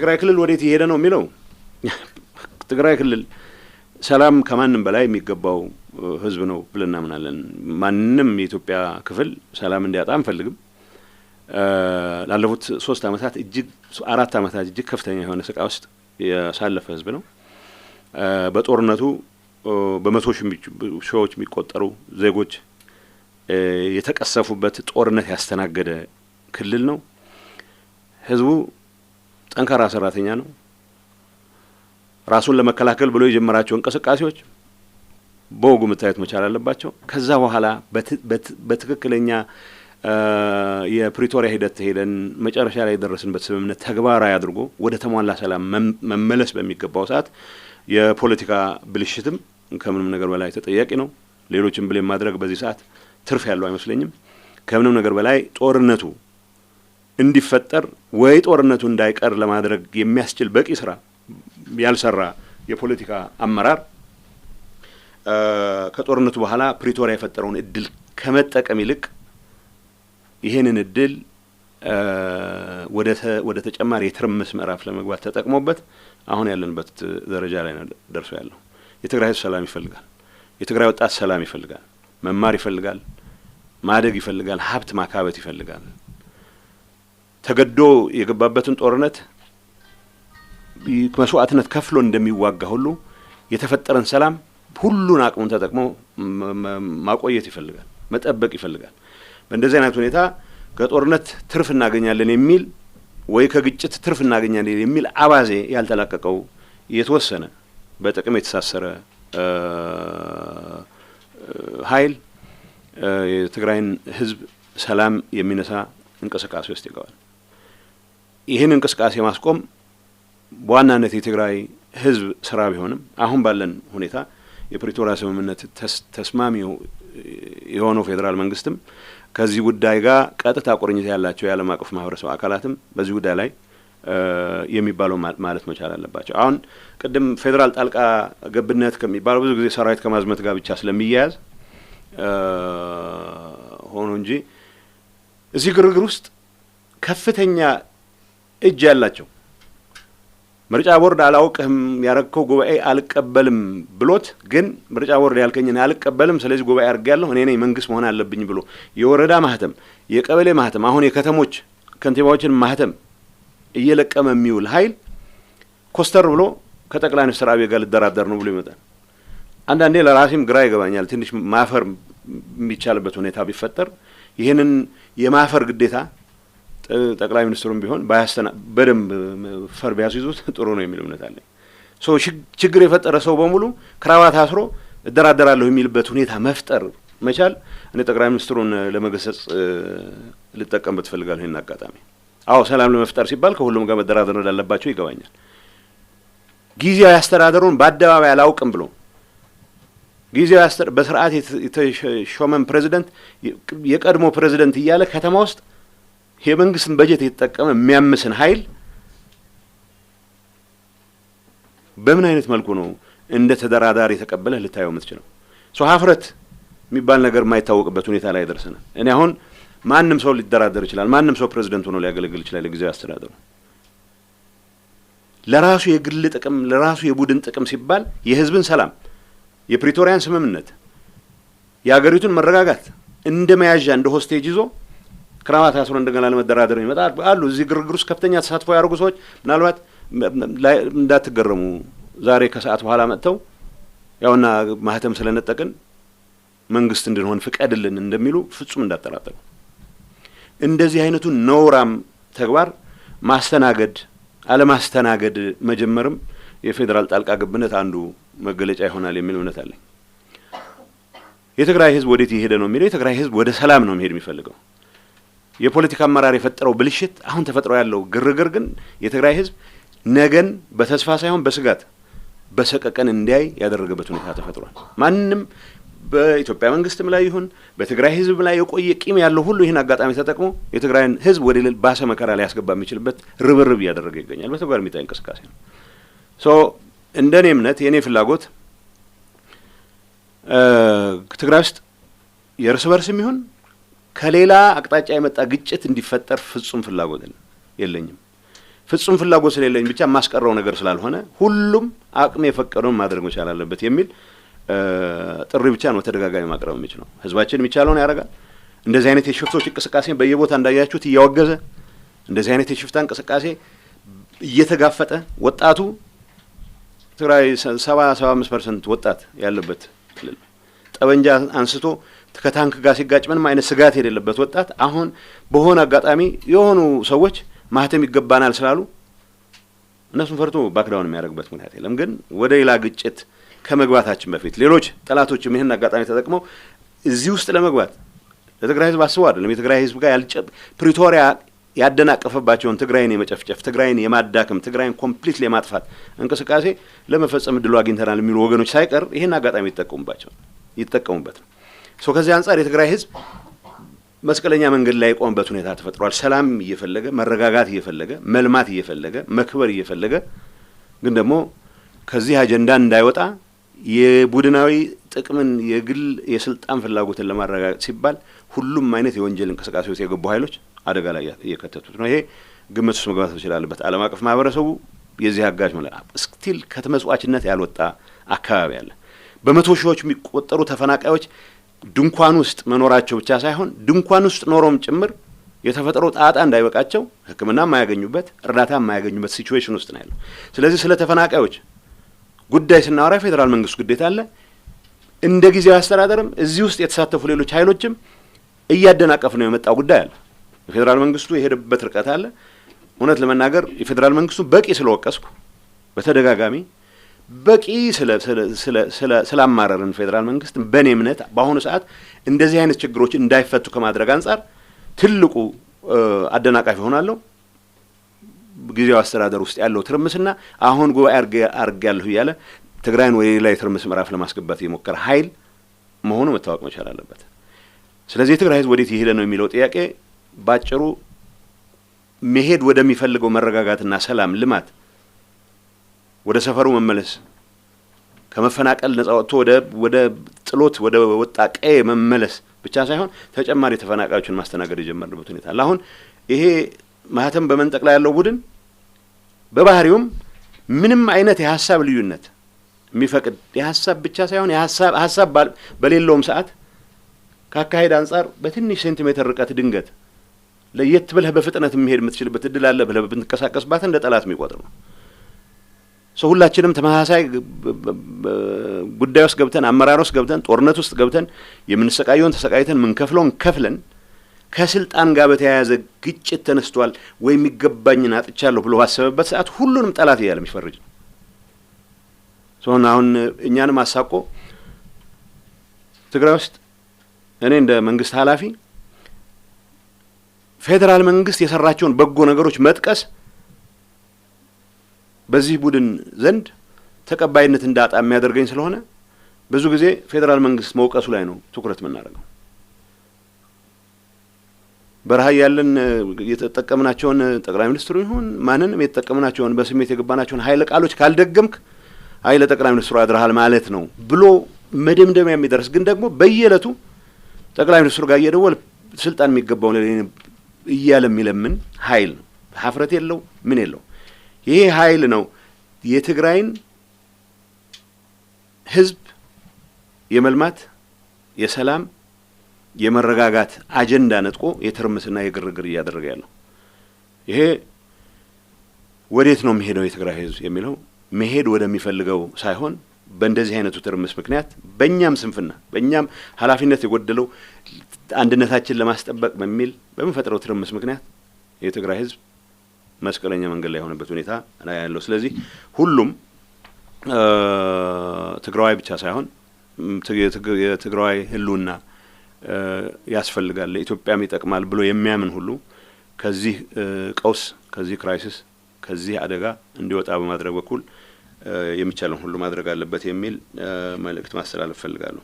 ትግራይ ክልል ወዴት እየሄደ ነው የሚለው ትግራይ ክልል ሰላም ከማንም በላይ የሚገባው ህዝብ ነው ብለን እናምናለን። ማንም የኢትዮጵያ ክፍል ሰላም እንዲያጣ አንፈልግም። ላለፉት ሶስት አመታት እጅግ አራት አመታት እጅግ ከፍተኛ የሆነ ስቃይ ውስጥ ያሳለፈ ህዝብ ነው። በጦርነቱ በመቶ ሺዎች የሚቆጠሩ ዜጎች የተቀሰፉበት ጦርነት ያስተናገደ ክልል ነው ህዝቡ ጠንካራ ሰራተኛ ነው። ራሱን ለመከላከል ብሎ የጀመራቸው እንቅስቃሴዎች በወጉ መታየት መቻል አለባቸው። ከዛ በኋላ በትክክለኛ የፕሪቶሪያ ሂደት ሄደን መጨረሻ ላይ የደረስንበት ስምምነት ተግባራዊ አድርጎ ወደ ተሟላ ሰላም መመለስ በሚገባው ሰዓት የፖለቲካ ብልሽትም ከምንም ነገር በላይ ተጠያቂ ነው። ሌሎችን ብሌን ማድረግ በዚህ ሰዓት ትርፍ ያለው አይመስለኝም። ከምንም ነገር በላይ ጦርነቱ እንዲፈጠር ወይ ጦርነቱ እንዳይቀር ለማድረግ የሚያስችል በቂ ስራ ያልሰራ የፖለቲካ አመራር ከጦርነቱ በኋላ ፕሪቶሪያ የፈጠረውን እድል ከመጠቀም ይልቅ ይህንን እድል ወደ ተጨማሪ የትርምስ ምዕራፍ ለመግባት ተጠቅሞበት አሁን ያለንበት ደረጃ ላይ ደርሶ ያለው። የትግራይ ህዝብ ሰላም ይፈልጋል። የትግራይ ወጣት ሰላም ይፈልጋል። መማር ይፈልጋል። ማደግ ይፈልጋል። ሀብት ማካበት ይፈልጋል። ተገዶ የገባበትን ጦርነት መስዋዕትነት ከፍሎ እንደሚዋጋ ሁሉ የተፈጠረን ሰላም ሁሉን አቅሙን ተጠቅሞ ማቆየት ይፈልጋል፣ መጠበቅ ይፈልጋል። በእንደዚህ አይነት ሁኔታ ከጦርነት ትርፍ እናገኛለን የሚል ወይ ከግጭት ትርፍ እናገኛለን የሚል አባዜ ያልተላቀቀው የተወሰነ በጥቅም የተሳሰረ ኃይል የትግራይን ሕዝብ ሰላም የሚነሳ እንቅስቃሴ ውስጥ ይገባል። ይህን እንቅስቃሴ ማስቆም በዋናነት የትግራይ ህዝብ ስራ ቢሆንም አሁን ባለን ሁኔታ የፕሪቶሪያ ስምምነት ተስማሚ የሆነው ፌዴራል መንግስትም ከዚህ ጉዳይ ጋር ቀጥታ ቁርኝት ያላቸው የዓለም አቀፍ ማህበረሰብ አካላትም በዚህ ጉዳይ ላይ የሚባለው ማለት መቻል አለባቸው። አሁን ቅድም ፌዴራል ጣልቃ ገብነት ከሚባለው ብዙ ጊዜ ሰራዊት ከማዝመት ጋር ብቻ ስለሚያያዝ ሆኖ እንጂ እዚህ ግርግር ውስጥ ከፍተኛ እጅ ያላቸው ምርጫ ቦርድ አላውቅህም ያረግከው ጉባኤ አልቀበልም ብሎት፣ ግን ምርጫ ቦርድ ያልከኝን አልቀበልም፣ ስለዚህ ጉባኤ ያለሁ እኔ ነኝ መንግስት መሆን አለብኝ ብሎ የወረዳ ማህተም፣ የቀበሌ ማህተም፣ አሁን የከተሞች ከንቲባዎችን ማህተም እየለቀመ የሚውል ሀይል ኮስተር ብሎ ከጠቅላይ ሚኒስትር አብይ ጋር ልደራደር ነው ብሎ ይመጣል። አንዳንዴ ለራሴም ግራ ይገባኛል። ትንሽ ማፈር የሚቻልበት ሁኔታ ቢፈጠር ይህንን የማፈር ግዴታ ጠቅላይ ሚኒስትሩም ቢሆን ባያስተና በደንብ ፈር ቢያስይዙት ጥሩ ነው የሚል እምነት አለኝ። ችግር የፈጠረ ሰው በሙሉ ክራባት አስሮ እደራደራለሁ የሚልበት ሁኔታ መፍጠር መቻል እኔ ጠቅላይ ሚኒስትሩን ለመገሰጽ ልጠቀምበት እፈልጋለሁ ይህን አጋጣሚ። አዎ ሰላም ለመፍጠር ሲባል ከሁሉም ጋር መደራደር እንዳለባቸው ይገባኛል። ጊዜያዊ አስተዳደሩን በአደባባይ አላውቅም ብሎ ጊዜያዊ በስርዓት የተሾመን ፕሬዚደንት የቀድሞ ፕሬዚደንት እያለ ከተማ ውስጥ የመንግስትን በጀት እየተጠቀመ የሚያምስን ኃይል በምን አይነት መልኩ ነው እንደ ተደራዳሪ ተቀበለህ ልታየው የምትችለው? ሰው ሀፍረት የሚባል ነገር የማይታወቅበት ሁኔታ ላይ ደርሰናል። እኔ አሁን ማንም ሰው ሊደራደር ይችላል። ማንም ሰው ፕሬዚደንት ሆኖ ሊያገለግል ይችላል። የጊዜያዊ አስተዳደሩ ለራሱ የግል ጥቅም፣ ለራሱ የቡድን ጥቅም ሲባል የህዝብን ሰላም፣ የፕሪቶሪያን ስምምነት፣ የሀገሪቱን መረጋጋት እንደ መያዣ እንደ ሆስቴጅ ይዞ ክራማት አስሮ እንደገና ለመደራደር ይመጣ አሉ። እዚህ ግርግር ውስጥ ከፍተኛ ተሳትፎ ያደርጉ ሰዎች ምናልባት እንዳትገረሙ፣ ዛሬ ከሰዓት በኋላ መጥተው ያውና ማህተም ስለነጠቅን መንግስት እንድንሆን ፍቀድልን እንደሚሉ ፍጹም እንዳጠራጠሩ። እንደዚህ አይነቱ ነውራም ተግባር ማስተናገድ አለማስተናገድ መጀመርም የፌዴራል ጣልቃ ገብነት አንዱ መገለጫ ይሆናል የሚል እምነት አለኝ። የትግራይ ህዝብ ወዴት እየሄደ ነው የሚለው የትግራይ ህዝብ ወደ ሰላም ነው መሄድ የሚፈልገው የፖለቲካ አመራር የፈጠረው ብልሽት፣ አሁን ተፈጥሮ ያለው ግርግር ግን የትግራይ ህዝብ ነገን በተስፋ ሳይሆን በስጋት በሰቀቀን እንዲያይ ያደረገበት ሁኔታ ተፈጥሯል። ማንም በኢትዮጵያ መንግስትም ላይ ይሁን በትግራይ ህዝብ ላይ የቆየ ቂም ያለው ሁሉ ይህን አጋጣሚ ተጠቅሞ የትግራይን ህዝብ ወደ ሌላ ባሰ መከራ ላይ ያስገባ የሚችልበት ርብርብ እያደረገ ይገኛል። በተግባር የሚታይ እንቅስቃሴ ነው። ሶ እንደ እኔ እምነት የእኔ ፍላጎት ትግራይ ውስጥ የእርስ በርስ የሚሆን ከሌላ አቅጣጫ የመጣ ግጭት እንዲፈጠር ፍጹም ፍላጎት የለኝም። ፍጹም ፍላጎት ስለሌለኝ ብቻ የማስቀረው ነገር ስላልሆነ ሁሉም አቅም የፈቀደውን ማድረግ መቻል አለበት የሚል ጥሪ ብቻ ነው ተደጋጋሚ ማቅረብ የሚችለው። ህዝባችን የሚቻለውን ያደርጋል። እንደዚህ አይነት የሽፍቶች እንቅስቃሴ በየቦታ እንዳያችሁት እያወገዘ እንደዚህ አይነት የሽፍታ እንቅስቃሴ እየተጋፈጠ ወጣቱ ትግራይ ሰባ ሰባ አምስት ፐርሰንት ወጣት ያለበት ክልል ጠበንጃ አንስቶ ከታንክ ጋር ሲጋጭ ምንም አይነት ስጋት የሌለበት ወጣት አሁን በሆነ አጋጣሚ የሆኑ ሰዎች ማህተም ይገባናል ስላሉ እነሱን ፈርቶ ባክዳውን የሚያደርግበት ምክንያት የለም። ግን ወደ ሌላ ግጭት ከመግባታችን በፊት ሌሎች ጠላቶችም ይህን አጋጣሚ ተጠቅመው እዚህ ውስጥ ለመግባት ለትግራይ ህዝብ አስቡ አይደለም። የትግራይ ህዝብ ጋር ያልጨ ፕሪቶሪያ ያደናቀፈባቸውን ትግራይን የመጨፍጨፍ ትግራይን የማዳክም ትግራይን ኮምፕሊት የማጥፋት እንቅስቃሴ ለመፈጸም እድሉ አግኝተናል የሚሉ ወገኖች ሳይቀር ይህን አጋጣሚ ይጠቀሙባቸው ይጠቀሙበት ነው። ከዚህ አንጻር የትግራይ ህዝብ መስቀለኛ መንገድ ላይ የቆመበት ሁኔታ ተፈጥሯል። ሰላም እየፈለገ መረጋጋት እየፈለገ መልማት እየፈለገ መክበር እየፈለገ ግን ደግሞ ከዚህ አጀንዳ እንዳይወጣ የቡድናዊ ጥቅምን የግል የስልጣን ፍላጎትን ለማረጋገጥ ሲባል ሁሉም አይነት የወንጀል እንቅስቃሴ ውስጥ የገቡ ኃይሎች አደጋ ላይ እየከተቱት ነው። ይሄ ግምት ውስጥ መግባት ትችላለበት። ዓለም አቀፍ ማህበረሰቡ የዚህ አጋዥ መለ ስቲል ከተመጽዋችነት ያልወጣ አካባቢ አለ። በመቶ ሺዎች የሚቆጠሩ ተፈናቃዮች ድንኳን ውስጥ መኖራቸው ብቻ ሳይሆን ድንኳን ውስጥ ኖሮም ጭምር የተፈጥሮ ጣጣ እንዳይበቃቸው ሕክምና የማያገኙበት እርዳታ የማያገኙበት ሲቹዌሽን ውስጥ ነው ያለው። ስለዚህ ስለ ተፈናቃዮች ጉዳይ ስናወራ የፌዴራል መንግስት ግዴታ አለ። እንደ ጊዜያዊ አስተዳደርም እዚህ ውስጥ የተሳተፉ ሌሎች ኃይሎችም እያደናቀፍ ነው የመጣው ጉዳይ አለ። የፌዴራል መንግስቱ የሄደበት ርቀት አለ። እውነት ለመናገር የፌዴራል መንግስቱ በቂ ስለወቀስኩ በተደጋጋሚ በቂ ስላማረርን ፌዴራል መንግስት በእኔ እምነት በአሁኑ ሰዓት እንደዚህ አይነት ችግሮች እንዳይፈቱ ከማድረግ አንጻር ትልቁ አደናቃፊ ሆናለሁ። ጊዜያዊ አስተዳደር ውስጥ ያለው ትርምስና አሁን ጉባኤ ያለሁ እያለ ትግራይን ወደ ሌላ የትርምስ ምዕራፍ ለማስገባት የሞከረ ኃይል መሆኑ መታወቅ መቻል አለበት። ስለዚህ የትግራይ ህዝብ ወዴት ይሄደ ነው የሚለው ጥያቄ ባጭሩ መሄድ ወደሚፈልገው መረጋጋትና ሰላም፣ ልማት ወደ ሰፈሩ መመለስ፣ ከመፈናቀል ነጻ ወጥቶ ወደ ጥሎት ወደ ወጣ ቀዬ መመለስ ብቻ ሳይሆን ተጨማሪ ተፈናቃዮችን ማስተናገድ የጀመርንበት ሁኔታ አለ። አሁን ይሄ ማህተም በመንጠቅ ላይ ያለው ቡድን በባህሪውም ምንም አይነት የሀሳብ ልዩነት የሚፈቅድ የሀሳብ ብቻ ሳይሆን ሀሳብ በሌለውም ሰዓት ከአካሄድ አንጻር በትንሽ ሴንቲሜትር ርቀት ድንገት ለየት ብለህ በፍጥነት የሚሄድ የምትችልበት እድል አለ ብለህ ብትንቀሳቀስባት እንደ ጠላት የሚቆጥር ነው። ሰው ሁላችንም ተመሳሳይ ጉዳይ ውስጥ ገብተን አመራር ውስጥ ገብተን ጦርነት ውስጥ ገብተን የምንሰቃየውን ተሰቃይተን ምንከፍለውን ከፍለን ከስልጣን ጋር በተያያዘ ግጭት ተነስቷል ወይም ይገባኝን አጥቻለሁ ብሎ ባሰበበት ሰዓት ሁሉንም ጠላት እያለ የሚፈርጅ ነው። ሆን አሁን እኛንም አሳቆ ትግራይ ውስጥ እኔ እንደ መንግስት ኃላፊ ፌዴራል መንግስት የሰራቸውን በጎ ነገሮች መጥቀስ በዚህ ቡድን ዘንድ ተቀባይነት እንዳጣ የሚያደርገኝ ስለሆነ ብዙ ጊዜ ፌዴራል መንግስት መውቀሱ ላይ ነው ትኩረት የምናደርገው። በረሃ ያለን የተጠቀምናቸውን ጠቅላይ ሚኒስትሩ ይሁን ማንንም የተጠቀምናቸውን በስሜት የገባናቸውን ኃይለ ቃሎች ካልደገምክ አይ ጠቅላይ ሚኒስትሩ አድረሃል ማለት ነው ብሎ መደምደሚያ የሚደርስ ግን ደግሞ በየዕለቱ ጠቅላይ ሚኒስትሩ ጋር እየደወል ስልጣን የሚገባውን እያለ የሚለምን ኃይል ነው። ሀፍረት የለው ምን የለው። ይሄ ኃይል ነው የትግራይን ህዝብ የመልማት የሰላም የመረጋጋት አጀንዳ ነጥቆ የትርምስና የግርግር እያደረገ ያለው ይሄ ወዴት ነው የሚሄደው የትግራይ ህዝብ የሚለው መሄድ ወደሚፈልገው ሳይሆን በእንደዚህ አይነቱ ትርምስ ምክንያት በእኛም ስንፍና በእኛም ኃላፊነት የጎደለው አንድነታችን ለማስጠበቅ በሚል በምንፈጥረው ትርምስ ምክንያት የትግራይ ህዝብ መስቀለኛ መንገድ ላይ የሆነበት ሁኔታ ላይ ያለው። ስለዚህ ሁሉም ትግራዋይ ብቻ ሳይሆን የትግራዋይ ህልውና ያስፈልጋል፣ ለኢትዮጵያም ይጠቅማል ብሎ የሚያምን ሁሉ ከዚህ ቀውስ ከዚህ ክራይሲስ ከዚህ አደጋ እንዲወጣ በማድረግ በኩል የሚቻለን ሁሉ ማድረግ አለበት የሚል መልእክት ማስተላለፍ ፈልጋለሁ።